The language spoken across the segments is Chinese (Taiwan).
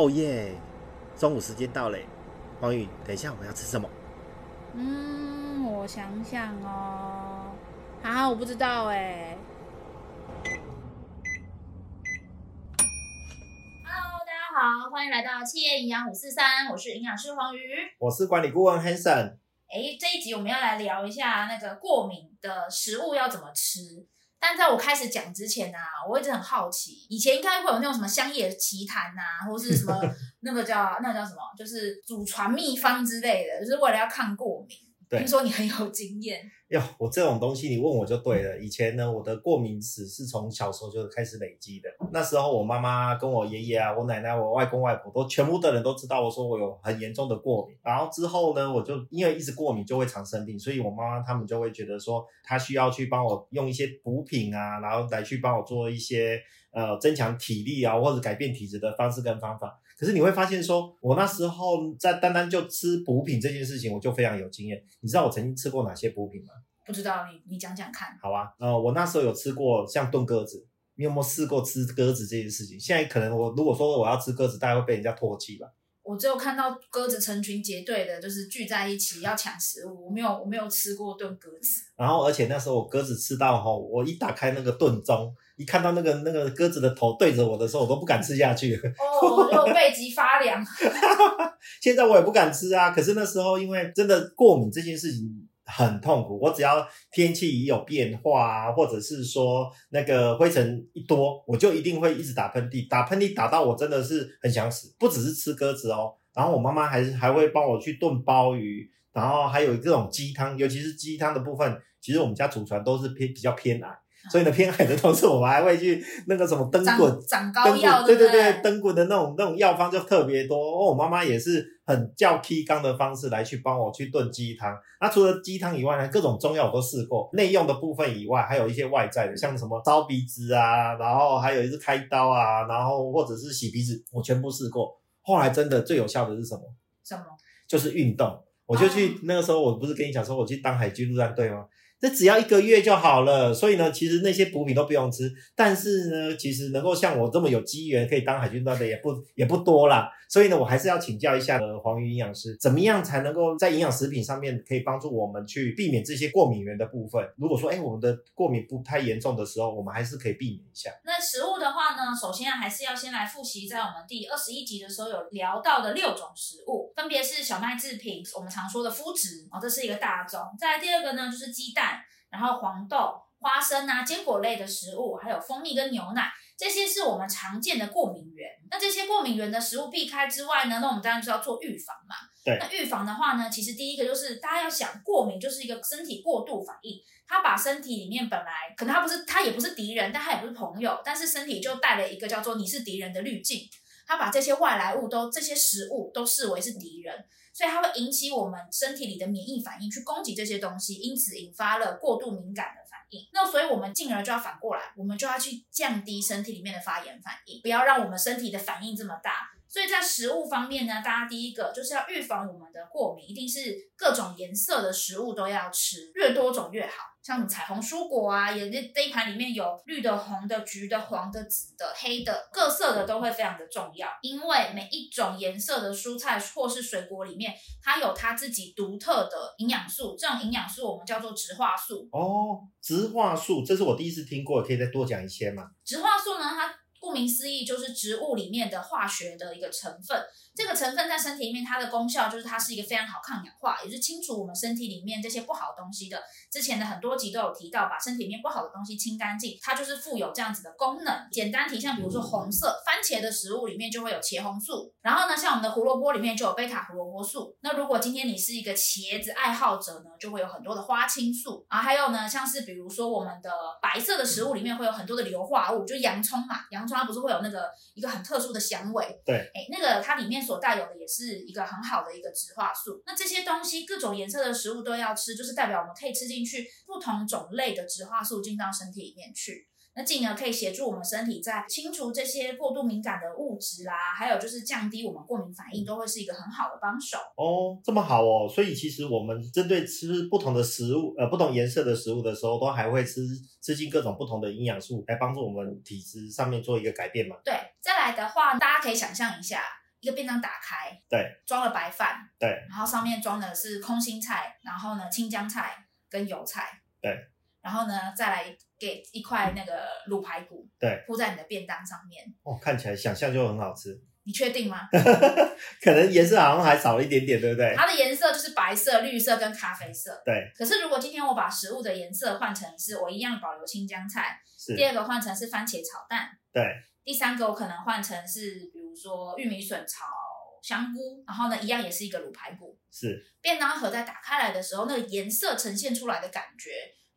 哦耶，oh、yeah, 中午時間到嘞，黃魚，等一下我們要吃什麼？嗯，我想想哦，啊，我不知道哎。Hello，大家好，歡迎來到七月營養五四三，我是營養師黃魚，我是管理顧問 Hanson。哎，這一集我們要來聊一下那個過敏的食物要怎麼吃。但在我開始講之前啊，我一直很好奇，以前應該會有那種什麼鄉野奇談吶、啊，或是什麼 那個叫那個叫什麼，就是祖傳秘方之類的，就是為了要抗過敏。對聽說你很有經驗喲，我這種東西你問我就對了。以前呢，我的過敏史是從小時候就開始累積的。那時候我媽媽跟我爺爺啊、我奶奶、我外公外婆都全部的人都知道我說我有很嚴重的過敏。然後之後呢，我就因為一直過敏就會常生病，所以我媽媽他們就會覺得說她需要去幫我用一些補品啊，然後來去幫我做一些呃增強體力啊或者改變體質的方式跟方法。可是你會發現說，說我那時候在單單就吃補品這件事情，我就非常有經驗。你知道我曾經吃過哪些補品嗎？不知道，你你講講看。好吧、啊，呃，我那時候有吃過像燉鴿子，你有沒有試過吃鴿子這件事情？現在可能我如果說我要吃鴿子，大概會被人家唾棄吧。我只有看到鴿子成群結隊的，就是聚在一起要搶食物，我沒有，我沒有吃過燉鴿子。然後，而且那時候我鴿子吃到齁，我一打開那個燉盅，一看到那個那個鴿子的頭對着我的時候，我都不敢吃下去了。哦，我就背脊發涼。 現在我也不敢吃啊。可是那時候因為真的過敏這件事情，很痛苦，我只要天氣一有變化啊，或者是說那個灰塵一多，我就一定會一直打噴嚏，打噴嚏打到我真的是很想死，不只是吃鴿子哦。然後我媽媽還是還會幫我去燉鮑魚，然後還有這種雞湯，尤其是雞湯的部分，其實我們家祖傳都是偏比較偏矮，所以呢偏矮的同時，我們還會去那個什麼燈棍、長高藥，對對對，嗯、燈棍的那種那種藥方就特別多哦。我媽媽也是。很教搞剛的方式來去幫我去燉雞湯。那除了雞湯以外呢，各種中藥我都試過。內用的部分以外，還有一些外在的，像什麼燒鼻子啊，然後還有一次開刀啊，然後或者是洗鼻子，我全部試過。後來真的最有效的是什麼什麼？就是運動。我就去那個時候，我不是跟你講說我去當海軍陸戰隊嗎？這只要一個月就好了，所以呢，其實那些補品都不用吃，但是呢，其實能夠像我這麼有機緣可以當海軍端的也不也不多啦，所以呢，我還是要請教一下、呃、黃魚營養師，怎麼樣才能夠在營養食品上面可以幫助我們去避免這些過敏原的部分？如果說，哎、欸，我們的過敏不太嚴重的時候，我們還是可以避免一下。那食物的話呢，首先還是要先來複習在我們第二十一集的時候有聊到的六種食物，分別是小麥製品，我們常說的麩質，哦，這是一個大宗。再來第二個呢，就是雞蛋。然後黃豆、花生啊、堅果類的食物，還有蜂蜜跟牛奶，這些是我們常見的過敏原。那這些過敏原的食物避開之外呢，那我們當然就要做預防嘛。對，那預防的話呢，其實第一個就是大家要想過敏，就是一個身體過度反應，它把身體裡面本來可能它不是，它也不是敵人，但它也不是朋友，但是身體就帶了一個叫做“你是敵人”的濾鏡，它把這些外來物都這些食物都視為是敵人。所以它會引起我們身體裡的免疫反應去攻擊這些東西，因此引發了過度敏感的反應。那所以我們進而就要反過來，我們就要去降低身體裡面的發炎反應，不要讓我們身體的反應這麼大。所以在食物方面呢，大家第一個就是要預防我們的過敏，一定是各種顏色的食物都要吃，越多種越好，像彩虹蔬果啊，也這這一盤裡面有綠的、紅的、橘的、黃的、紫的、黑的，各色的都會非常的重要，因為每一種顏色的蔬菜或是水果裡面，它有它自己獨特的營養素，這種營養素我們叫做植化素。哦，植化素，這是我第一次聽過，可以再多講一些嗎？植化素呢，它。顧名思義，就是植物裡面的化學的一個成分。這個成分在身體裡面，它的功效就是它是一個非常好抗氧化，也是清除我們身體裡面這些不好的東西的。之前的很多集都有提到，把身體裡面不好的東西清乾淨，它就是富有這樣子的功能。簡單提，像比如說紅色，嗯、番茄的食物裡面就會有茄紅素，然後呢，像我們的胡蘿蔔裡面就有貝塔胡蘿蔔素。那如果今天你是一個茄子愛好者呢，就會有很多的花青素啊。還有呢，像是比如說我們的白色的食物裡面會有很多的硫化物，就洋蔥嘛，洋蔥它不是會有那個一個很特殊的香味？對，哎，那個它裡面所。所帶有的也是一個很好的一個植化素，那這些東西，各種顏色的食物都要吃，就是代表我們可以吃進去不同種類的植化素進到身體裡面去。那進而可以協助我們身體在清除這些過度敏感的物質啦、啊，還有就是降低我們過敏反應，都會是一個很好的幫手哦。這麼好哦，所以其實我們針對吃不同的食物，呃，不同顏色的食物的時候，都還會吃吃進各種不同的營養素來幫助我們體質上面做一個改變嘛。對，再來的話，大家可以想象一下。一個便當打開，對，裝了白飯，對，然後上面裝的是空心菜，然後呢青江菜跟油菜，對，然後呢再來給一塊那個滷排骨，對，鋪在你的便當上面，哦，看起來想象就很好吃，你確定嗎？ 可能顏色好像還少一點點，對不對？它的顏色就是白色、綠色跟咖啡色，對。可是如果今天我把食物的顏色換成是，我一樣保留青江菜，是第二個換成是番茄炒蛋，對。第三個我可能換成是，比如說玉米筍炒香菇，然後呢一樣也是一個滷排骨，是便當盒在打開來的時候，那個顏色呈現出來的感覺。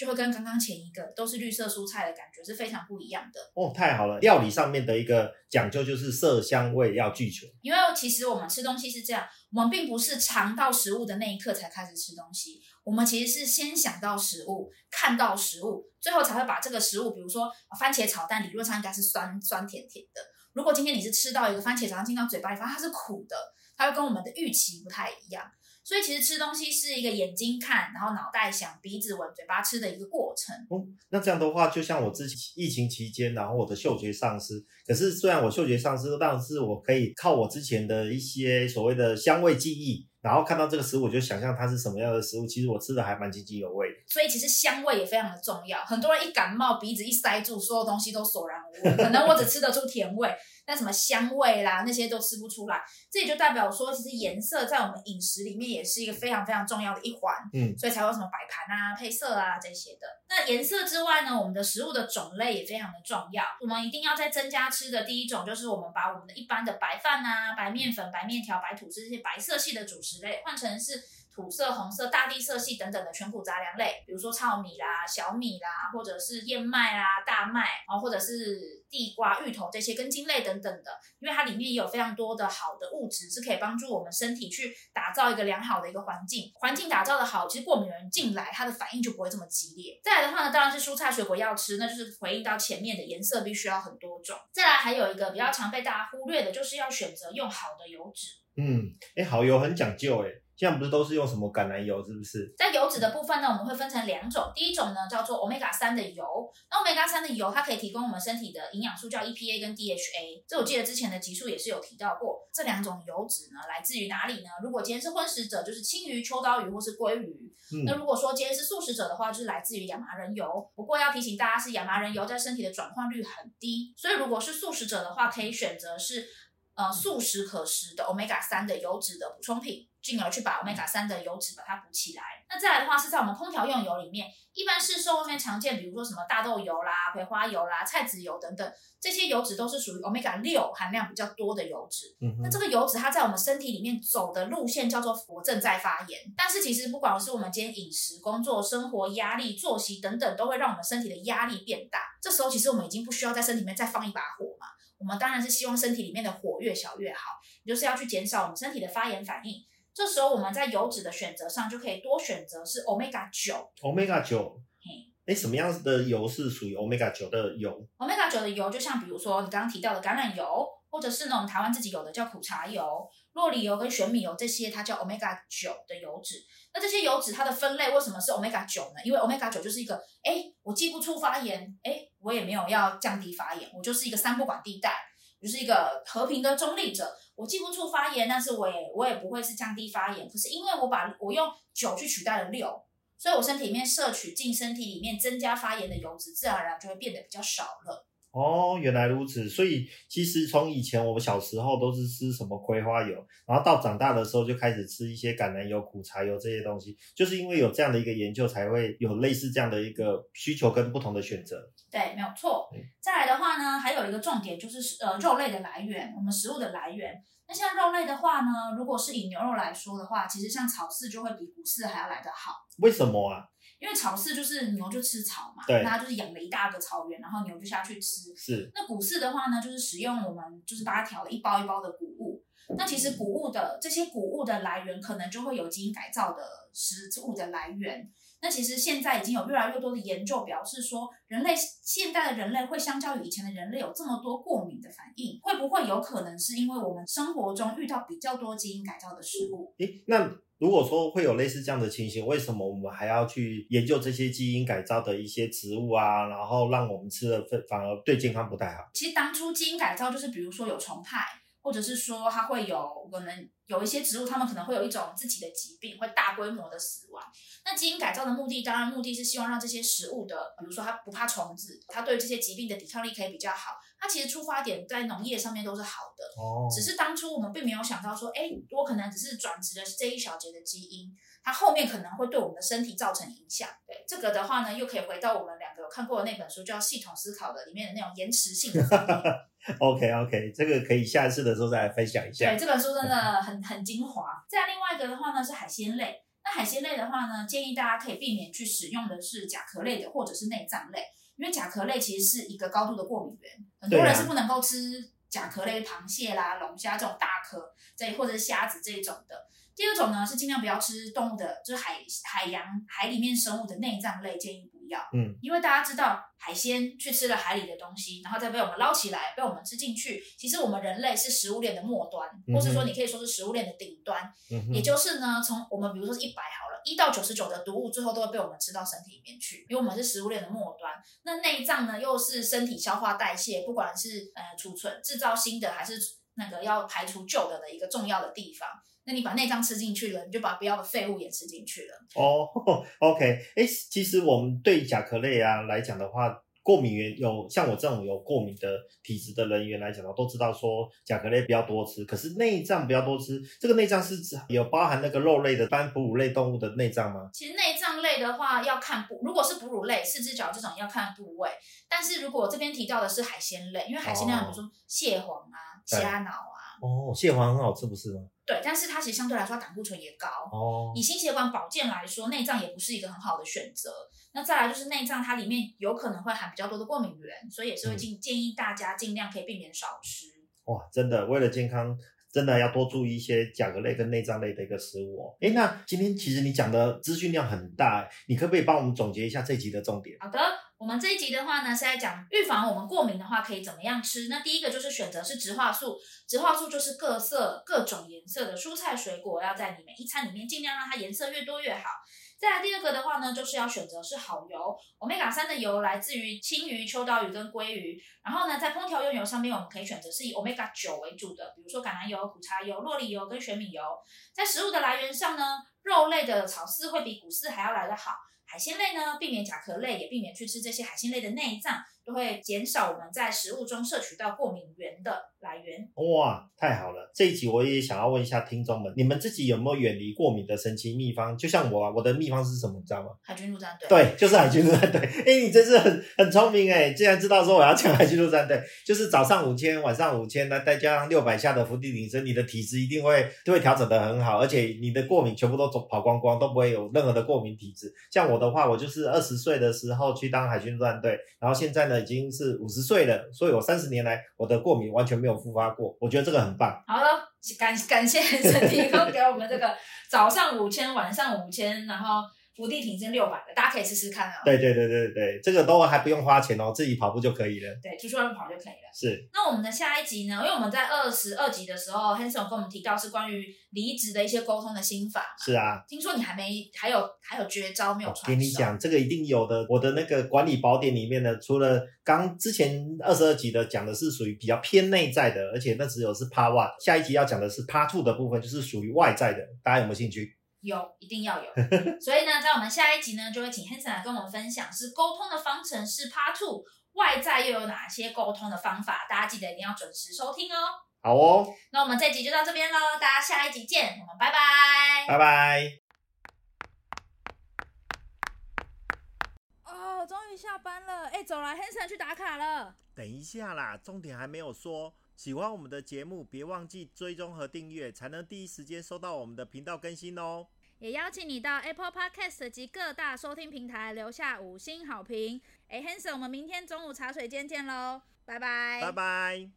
就會跟剛剛前一個都是綠色蔬菜的感覺是非常不一樣的哦，太好了！料理上面的一個講究就是色香味要俱全。因為其實我們吃東西是這樣，我們並不是嘗到食物的那一刻才開始吃東西，我們其實是先想到食物，看到食物，最後才會把這個食物，比如說番茄炒蛋，理論上應該是酸酸甜甜的。如果今天你是吃到一個番茄炒蛋進到嘴巴裡發，發現它是苦的，它會跟我們的預期不太一樣。所以其實吃東西是一個眼睛看，然後腦袋想，鼻子聞，嘴巴吃的一個過程。嗯。那這樣的話，就像我之前疫情期間，然後我的嗅覺喪失。可是雖然我嗅覺喪失，但是我可以靠我之前的一些所謂的香味記憶，然後看到這個食物，我就想象它是什麼樣的食物。其實我吃的還蠻津津有味的。所以其實香味也非常的重要。很多人一感冒，鼻子一塞住，所有東西都索然無味。可能我只吃得出甜味。 那什麼香味啦，那些都吃不出來，這也就代表說，其實顏色在我們飲食裡面也是一個非常非常重要的一環，嗯，所以才有什麼擺盤啊、配色啊這些的。那顏色之外呢，我們的食物的種類也非常的重要，我們一定要再增加吃的第一種就是我們把我們的一般的白飯啊、白麵粉、白麵條、白吐司這些白色系的主食類換成是。五色、紅色、大地色系等等的全谷雜糧類，比如說糙米啦、小米啦，或者是燕麥啦、啊、大麥啊、哦，或者是地瓜、芋頭這些根莖類等等的，因為它裡面也有非常多的好的物質，是可以幫助我們身體去打造一個良好的一個環境。環境打造得好，其實過敏人進來，它的反應就不會這麼激烈。再來的話呢，當然是蔬菜水果要吃，那就是回應到前面的顏色必須要很多種。再來，還有一個比較常被大家忽略的，就是要選擇用好的油脂。嗯，哎、欸，好油很講究、欸，哎。現在不是都是用什麼橄欖油，是不是？在油脂的部分呢，我們會分成兩種。第一種呢叫做 Omega 三的油，那 Omega 三的油它可以提供我們身體的營養素，叫 EPA 跟 DHA。這我記得之前的集數也是有提到過，這兩種油脂呢來自於哪裡呢？如果今天是葷食者，就是青魚、秋刀魚或是鮭魚。嗯。那如果說今天是素食者的話，就是來自於亞麻仁油。不過要提醒大家，是亞麻仁油在身體的轉換率很低，所以如果是素食者的話，可以選擇是。呃，素食可食的 omega 三的油脂的補充品，進而去把 omega 三的油脂把它補起來。那再來的話，是在我們烹調用油裡面，一般市售外面常見，比如說什麼大豆油啦、葵花油啦、菜籽油等等，這些油脂都是屬於 omega 六含量比較多的油脂。嗯、哼那這個油脂它在我們身體裡面走的路線叫做“火正在發炎”。但是其實不管是我們今天飲食、工作、生活壓力、作息等等，都會讓我們身體的壓力變大。這時候其實我們已經不需要在身體裡面再放一把火嘛。我們當然是希望身體裡面的火越小越好，也就是要去減少我們身體的發炎反應。這時候我們在油脂的選擇上就可以多選擇是 omega 九。omega 九。嘿，哎，什麼樣的油是屬於 omega 九的油？omega 九的油就像比如說你剛剛提到的橄欖油，或者是我們台灣自己有的叫苦茶油。酪梨油跟玄米油這些，它叫 omega 九的油脂。那這些油脂它的分類為什麼是 omega 九呢？因為 omega 九就是一個，哎，我既不促發炎，哎，我也沒有要降低發炎，我就是一個三不管地帶，就是一個和平的中立者。我既不促發炎，但是我也我也不會是降低發炎。可是因為我把我用9去取代了六，所以我身體裡面攝取進身體裡面增加發炎的油脂，自然而然就會變得比較少了。哦，原來如此。所以其實從以前我們小時候都是吃什麼葵花油，然後到長大的時候就開始吃一些橄欖油、苦茶油這些東西，就是因為有這樣的一個研究，才會有類似這樣的一個需求跟不同的選擇。對，沒有錯。再來的話呢，還有一個重點就是呃肉類的來源，我們食物的來源。那像肉類的話呢，如果是以牛肉來說的話，其實像草飼就會比穀飼還要來得好。為什麼啊？因為草飼就是牛就吃草嘛，它對就是養了一大個草原，然後牛就下去吃。是那穀飼的話呢，就是使用我們就是把它調了一包一包的谷物。那其實谷物的這些谷物的來源，可能就會有基因改造的食物的來源。那其實現在已經有越來越多的研究表示說，人類現在的人類會相較於以前的人類有這麼多過敏的反應，會不會有可能是因為我們生活中遇到比較多基因改造的食物？誒，那。如果說會有類似這樣的情形，為什麼我們還要去研究這些基因改造的一些植物啊？然後讓我們吃了反反而對健康不太好？其實當初基因改造就是，比如說有蟲害，或者是說它會有可能，有一些植物，它們可能會有一種自己的疾病，會大規模的死亡。那基因改造的目的，當然目的是希望讓這些食物的，比如說它不怕蟲子，它對這些疾病的抵抗力可以比較好。它其實出發點在農業上面都是好的，Oh. 只是當初我們並沒有想到說，哎，我可能只是轉植的是這一小節的基因。它後面可能會對我們的身體造成影響。對，這個的話呢，又可以回到我們兩個有看過的那本書，叫《系統思考》的裡面的那種延遲性的。 OK OK，這個可以下次的時候再來分享一下。對，這本、個、書真的很很精華。 再、啊、另外一個的話呢是海鮮類，那海鮮類的話呢，建議大家可以避免去使用的是甲殼類的或者是內臟類，因為甲殼類其實是一個高度的過敏原，啊、很多人是不能夠吃甲殼類。螃蟹啦、龍蝦這種大殼，對，或者是蝦子這種的。第二種呢是儘量不要吃動物的，就是海海洋海裡面生物的內臟類，建議不要。嗯，因為大家知道海鮮去吃了海裡的東西，然後再被我們撈起來，被我們吃進去。其實我們人類是食物鏈的末端，或是說你可以說是食物鏈的頂端。嗯，哼，也就是呢，從我們比如說是一百好了，一到九十九的毒物最後都會被我們吃到身體裡面去，因為我們是食物鏈的末端。那內臟呢，又是身體消化代謝，不管是呃儲存、製造新的，還是那個要排除舊的的一個重要的地方。那你把內臟吃進去了，你就把不要的廢物也吃進去了。哦、oh,，OK，哎、欸，其實我們對甲殼類啊來講的話，過敏原有像我這種有過敏的體質的人員來講，我都知道說甲殼類不要多吃，可是內臟不要多吃。這個內臟是指有包含那個肉類的，單哺乳類動物的內臟嗎？其實內臟類的話要看部，如果是哺乳類、四只腳這種要看部位，但是如果這邊提到的是海鮮類，因為海鮮類，比如說蟹黃啊、蝦腦、oh, 啊。對哦，蟹黃很好吃，不是嗎？對，但是它其實相對來說膽固醇也高哦。以心血管保健來說，內臟也不是一個很好的選擇。那再來就是內臟，它裡面有可能會含比較多的過敏原，所以也是會、嗯、建議大家盡量可以避免少吃。哇，真的，為了健康，真的要多注意一些甲殼類跟內臟類的一個食物哦、喔。哎、欸，那今天其實你講的資訊量很大，你可不可以幫我們總結一下這一集的重點？好的。我們這一集的話呢，是在講預防我們過敏的話可以怎麼樣吃。那第一個就是選擇是植化素，植化素就是各色各種顏色的蔬菜水果，要在裡面一餐裡面儘量讓它顏色越多越好。再來第二個的話呢，就是要選擇是好油，Omega 三的油來自於青魚、秋刀魚跟鮭魚。然後呢，在烹調用油上面，我們可以選擇是以 Omega 九為主的，比如說橄欖油、苦茶油、酪梨油跟玄米油。在食物的來源上呢，肉類的草飼會比穀飼還要來得好。海鮮類呢，避免甲殼類，也避免去吃這些海鮮類的內臟，都會減少我們在食物中攝取到過敏源的來源。哇，太好了！這一集我也想要問一下聽眾們，你們自己有沒有遠離過敏的神奇秘方？就像我，啊，我的秘方是什麼？你知道嗎？海軍陸戰隊。對，就是海軍陸戰隊。哎、 欸，你真是很很聰明哎、欸，竟然知道說我要講海軍陸戰隊。就是早上五千，晚上五千，那再加上六百下的伏地挺身，你的體質一定會就會調整得很好，而且你的過敏全部都走跑光光，都不會有任何的過敏體質。像我。的話，我就是二十歲的時候去當海軍陸戰隊，然後現在呢已經是五十歲了，所以我三十年來我的過敏完全沒有復發過，我覺得這個很棒。好了，感感謝陳霆給我們這個早上五千，晚上五千，然後。伏地挺身六百個，大家可以試試看啊。對對對對對，這個都還不用花錢哦，自己跑步就可以了。對，踢出外面跑就可以了。是。那我們的下一集呢？因為我們在二十二集的時候是，Hanson 跟我們提到是關於離職的一些溝通的心法。是啊，聽說你還沒還有還有絕招沒有傳授、哦、給你講，這個一定有的。我的那個管理寶典裡面呢，除了剛之前二十二集的講的是屬於比較偏內在的，而且那只有是 Part One。下一集要講的是 Part Two 的部分，就是屬於外在的，大家有沒有興趣？有，一定要有。 所以呢，在我們下一集呢，就會請 Hanson 來跟我們分享，是溝通的方程式 Part Two，外在又有哪些溝通的方法？大家記得一定要準時收聽哦。好哦，那我們這集就到這邊嘍，大家下一集見，我們拜拜。拜拜。哦，終於下班了，哎，走了 ，Hanson 去打卡了。等一下啦，重點還沒有說。喜歡我們的節目，別忘記追蹤和訂閱，才能第一時間收到我們的頻道更新哦。也邀請你到 Apple Podcast 及各大收聽平台留下五星好評。哎，Hanson，我們明天中午茶水間見嘍，拜拜，拜拜。